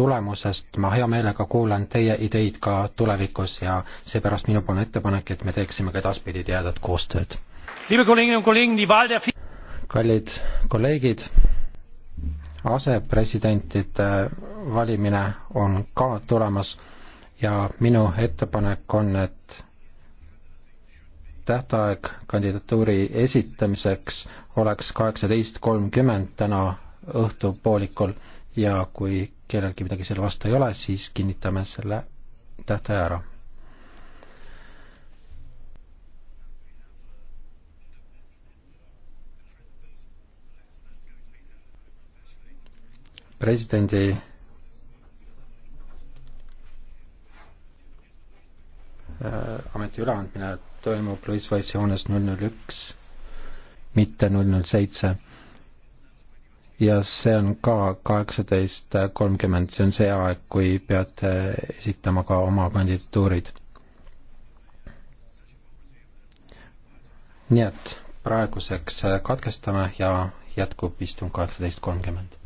tulemusest ma hea meelega kuulan teie ideid ka tulevikus ja seepärast minupoolne ettepanek, et me teeksime ka edaspidi tihedat koostööd. kallid kolleegid, asepresidentide valimine on ka tulemas ja minu ettepanek on, et tähtaeg kandidatuuri esitamiseks oleks kaheksateist kolmkümmend täna õhtupoolikul ja kui kellelgi midagi selle vastu ei ole, siis kinnitame selle tähtaja ära. presidendi äh, ameti üleandmine toimub Louis Wise'i hoones null null üks, mitte null null seitse ja see on ka kaheksateist kolmkümmend, see on see aeg, kui peate esitama ka oma kandidatuurid. nii et praeguseks katkestame ja jätkub istung kaheksateist kolmkümmend.